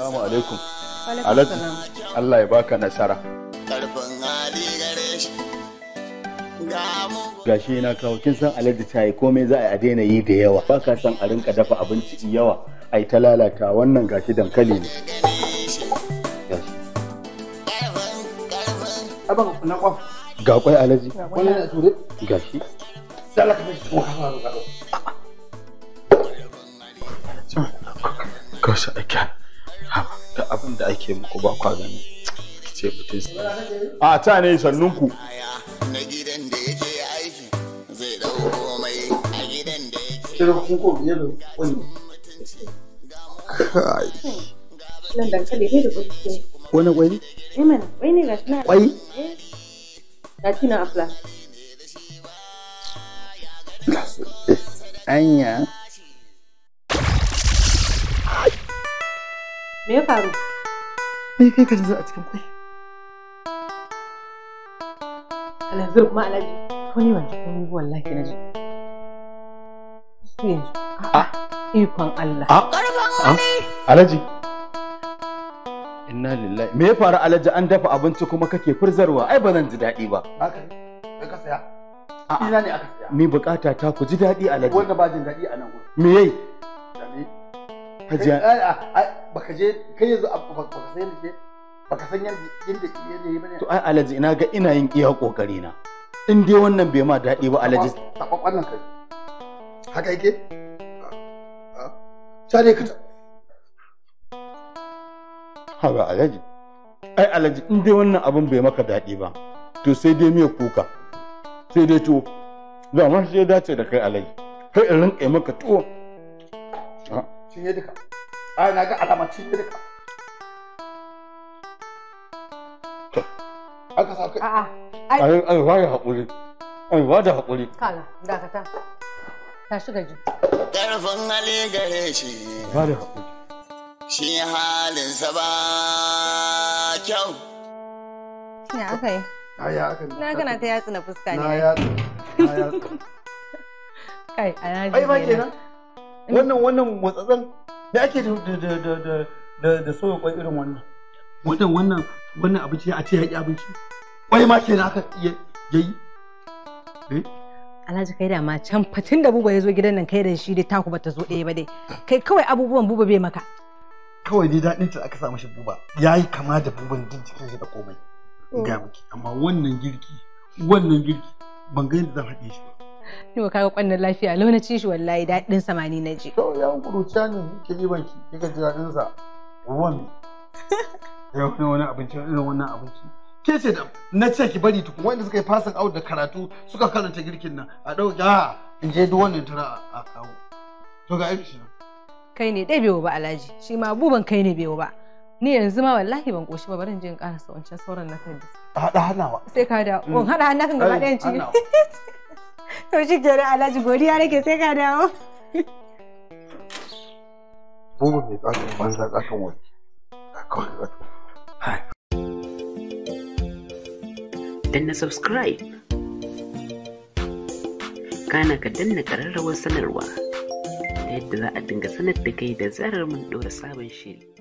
Assalamu alaikum. Alhaji Allah ya baka nasara. Gashi na kawo kin san alhaji ta yi komai za a daina yi da yawa. Ba ka san a rinka dafa abinci yawa Ai ta lalata wannan gashi dankali ne. Abin na kwa. Ga kwai alhaji. Wannan na ture? Gashi. Salaka mai shi kuma kafa ga Kasa ake. da abin da ake muku ba kwa gani ce mutum a ta ne sannunku na gidan da yake aiki zai dau komai a gidan da yake kira da kai nan dankali ne da wani kwai ne eh, kwai ne ga kwai eh. ga afla anya me ya faru Me kai ka a cikin kwai kalanzir kuma alhaji ko ni ban ji komai ba wallahi na ji sai a ikon Allah a alhaji inna lillahi me ya faru alhaji an dafa abinci kuma kake furzarwa ai ba zan ji daɗi ba haka ne ka saya ina ne aka saya ni bukata ta ku ji daɗi alhaji wanda ba jin daɗi a nan gurin me yayi Hajiya. Baka je kai yanzu baka san yadda baka san yadda yadda yi bane. To ai alaji ina ga ina yin iya kokari na. In dai wannan bai ma daɗi ba alaji Taɓa ƙwallon kai. Haka yake? Sare ka ta. Haba Alhaji. Ai alaji in dai wannan abin bai maka daɗi ba. To sai dai miya kuka. Sai dai tuwo. Ga ma sai dace da kai Alhaji. Kai in rinƙa maka tuwo. cinye duka ai na ga alama cinye duka aka sa kai a'a ai ai wai hakuri ai ba da hakuri kala dakata ta shiga ji karfin hali gare shi ba da hakuri shi halinsa ba kyau ya aka yi Na ta yatsu na fuska ne. Na yatsu. na wannan wannan motsatsan da ake da da da da da soya kwai irin wannan wannan wannan wannan abinci a ce haƙi abinci kwai ma kenan aka iya yayi eh? Alhaji kai da ma can fatin da buba ya zo gidan nan kai da shi dai taku bata zo ɗaya ba dai kai kawai abubuwan buba bai maka kawai dai daɗin ta aka samu shi buba ya yi kama da buban din cikin shi da komai ga miki amma wannan girki wannan girki ban ga yadda zan haɗe shi ba ni ba kaga kwannan lafiya lau na shi wallahi daɗin samani na ji. Yau ya kuruciya ne ki ɗiban ki kika ji daɗin sa ruwan. Yau ne wani abinci irin wannan abinci. Ke ce da na ce ki bari tukun wanda suka yi fasin out da karatu suka karanta girkin nan a ɗauki a ah, in je duk wannan tura a kawo. To ga aiki Kai ne ɗai bewa ba Alhaji shi ma buban kai ne bewa ba. Ni yanzu ma wallahi ban ƙoshi ba barin je in ƙarasa wancan sauran na kan Haɗa hannawa. Sai ka da, mm. hada hannakan gaba ɗayan ci. to shi kenan alhaji godiya nake sai ka dawo bubu mai tsakan banza tsakan wani danna subscribe kana ka danna kararrawar sanarwa ta yadda za a dinga sanar da kai da zarar mun ɗora sabon shiri